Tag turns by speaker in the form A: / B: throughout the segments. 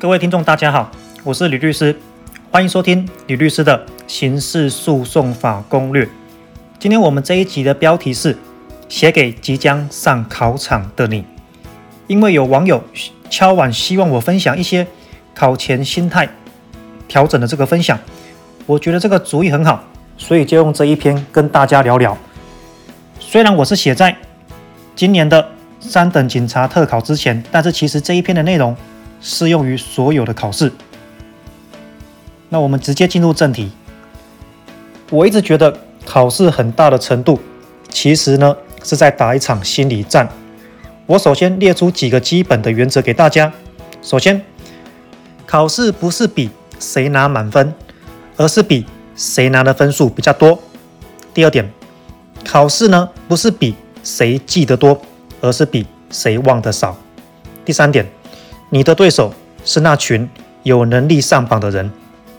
A: 各位聽眾，大家好，我是呂律師，歡迎收聽呂律師的《刑事訴訟法攻略》。今天我們這一集的標題是“寫給即將上考場的你”，因為有網友敲碗希望我分享一些考前心態調整的這個分享，我覺得這個主意很好，所以就用這一篇跟大家聊聊。雖然我是寫在今年的三等警察特考之前，但是其實這一篇的內容，適用於所有的考試。那我們直接進入正題。我一直覺得考試很大的程度，其實呢是在打一場心理戰。我首先列出幾個基本的原則給大家。首先，考試不是比誰拿滿分，而是比誰拿的分數比較多。第二點，考試呢不是比誰記得多，而是比誰忘得少。第三點，你的對手是那群有能力上榜的人，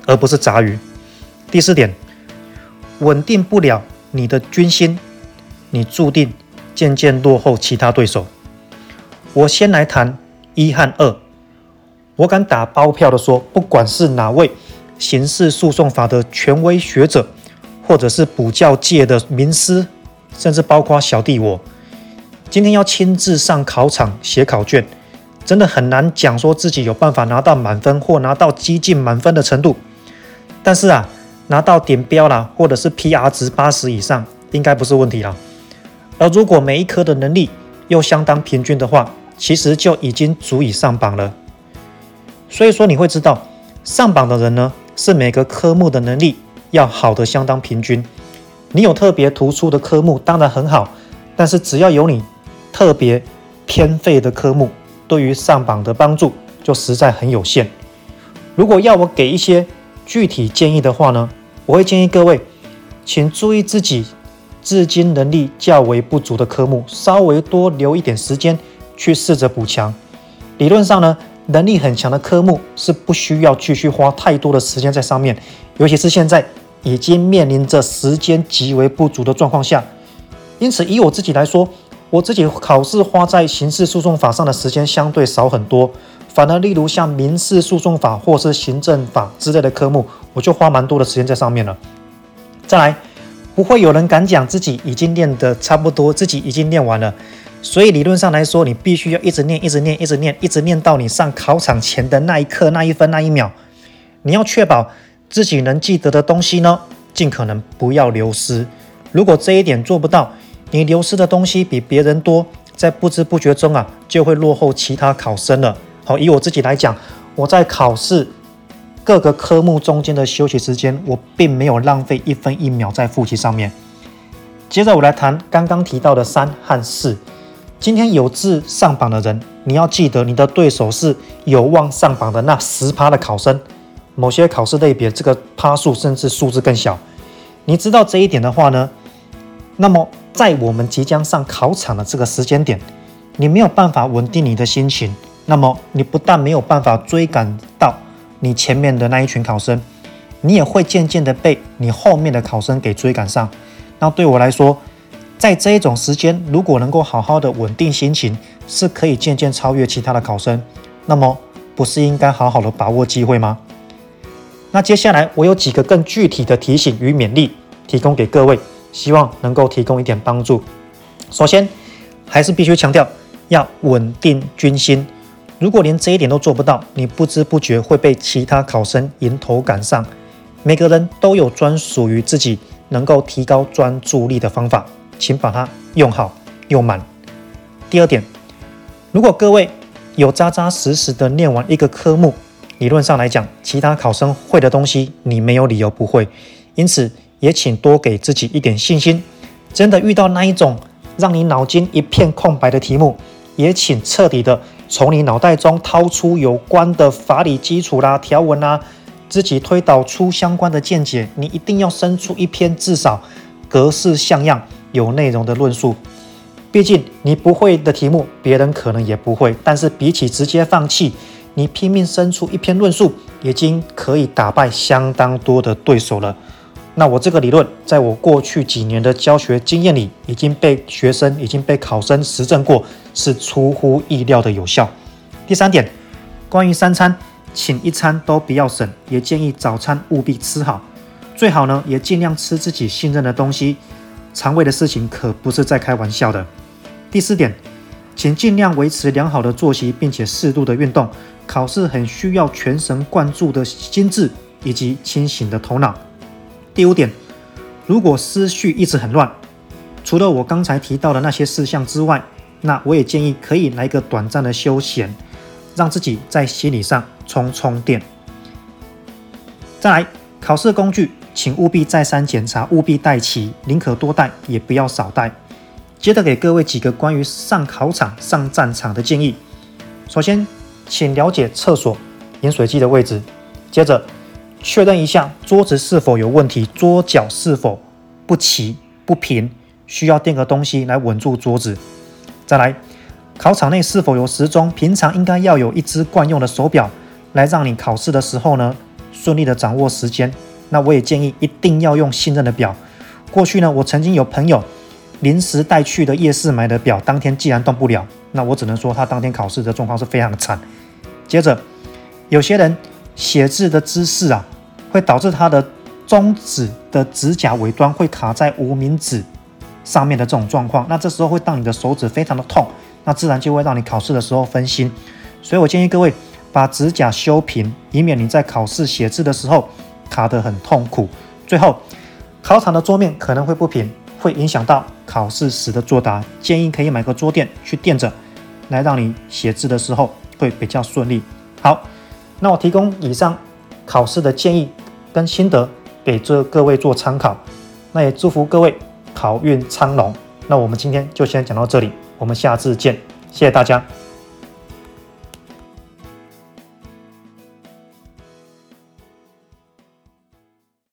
A: 而不是雜魚。第四點，穩定不了你的軍心，你注定漸漸落後其他對手。我先來談一和二。我敢打包票的說，不管是哪位刑事訴訟法的權威學者，或者是補教界的名師，甚至包括小弟我，今天要親自上考場寫考卷。真的很難講，說自己有辦法拿到滿分或拿到接近滿分的程度。但是啊，拿到頂標啦，或者是 PR 值八十以上，應該不是問題啦。而如果每一科的能力又相當平均的話，其實就已經足以上榜了。所以說你會知道，上榜的人呢，是每個科目的能力要好的相當平均。你有特別突出的科目當然很好，但是只要有你特別偏廢的科目。對於上榜的幫助就實在很有限。如果要我給一些具體建議的話呢，我會建議各位，請注意自己至今能力較為不足的科目，稍微多留一點時間去試着補強。理論上呢，能力很強的科目是不需要繼續花太多的時間在上面，尤其是現在已經面臨着時間極為不足的狀況下。因此，以我自己來說。我自己考試花在刑事訴訟法上的時間相對少很多，反而例如像民事訴訟法或是行政法之類的科目，我就花蠻多的時間在上面了。再來，不會有人敢講自己已經練得差不多，自己已經練完了。所以理論上來說，你必須要一直練，一直練，一直練，一直練到你上考場前的那一刻、那一分、那一秒，你要確保自己能記得的東西呢，盡可能不要流失。如果這一點做不到，你流失的東西比別人多，在不知不覺中啊，就會落後其他考生了。好，以我自己來講，我在考試各個科目中間的休息時間，我並沒有浪費一分一秒在複習上面。接着我來談剛剛提到的三和四。今天有志上榜的人，你要記得，你的對手是有望上榜的那十趴的考生。某些考試類別，這個趴數甚至數字更小。你知道這一點的話呢，那麼，在我們即將上考場的這個時間點，你沒有辦法穩定你的心情，那麼你不但沒有辦法追趕到你前面的那一群考生，你也會漸漸的被你後面的考生給追趕上。那對我來說，在這一種時間，如果能夠好好的穩定心情，是可以漸漸超越其他的考生。那麼，不是應該好好的把握機會嗎？那接下來，我有幾個更具體的提醒與勉勵，提供給各位。希望能夠提供一點幫助。首先，還是必須強調要穩定軍心。如果連這一點都做不到，你不知不覺會被其他考生迎頭趕上。每個人都有專屬於自己能夠提高專注力的方法，請把它用好用滿。第二點，如果各位有紮紮實實的念完一個科目，理論上來講，其他考生會的東西，你沒有理由不會。因此，也請多給自己一點信心。真的遇到那一種讓你腦筋一片空白的題目，也請徹底的從你腦袋中掏出有關的法理基礎啦、啊、條文啦、啊，自己推導出相關的見解。你一定要生出一篇至少格式像樣、有內容的論述。畢竟你不會的題目，別人可能也不會。但是比起直接放棄，你拼命生出一篇論述，已經可以打敗相當多的對手了。那我這個理論，在我過去幾年的教學經驗裡，已經被學生、已經被考生實證過，是出乎意料的有效。第三點，關於三餐，請一餐都不要省，也建議早餐務必吃好，最好呢也盡量吃自己信任的東西。腸胃的事情可不是在開玩笑的。第四點，請盡量維持良好的作息，並且適度的運動。考試很需要全神貫注的心智以及清醒的頭腦。第五點，如果思緒一直很亂，除了我剛才提到的那些事項之外，那我也建議可以來一個短暫的休閒，讓自己在心理上充充電。再來，考試工具，請務必再三檢查，務必帶齊，寧可多帶也不要少帶。接着給各位幾個關於上考場、上戰場的建議。首先，請了解廁所、飲水機的位置。接着，確認一下桌子是否有問題，桌腳是否不齊不平，需要墊個東西來穩住桌子。再來，考場內是否有時鐘？平常應該要有一隻慣用的手錶，來讓你考試的時候呢，順利地掌握時間。那我也建議一定要用信任的錶。過去呢，我曾經有朋友臨時帶去的夜市買的錶，當天既然動不了，那我只能說他當天考試的狀況是非常慘。接着，有些人。寫字的姿勢啊，會導致它的中指的指甲尾端會卡在無名指上面的這種狀況，那這時候會讓你的手指非常的痛，那自然就會讓你考試的時候分心。所以我建議各位把指甲修平，以免你在考試寫字的時候卡得很痛苦。最後，考場的桌面可能會不平，會影響到考試時的作答，建議可以買個桌墊去墊着，來讓你寫字的時候會比較順利。好。那我提供以上考試的建議跟心得給這各位做參考，那也祝福各位考運昌隆。那我們今天就先講到這裡，我們下次見，謝謝大家。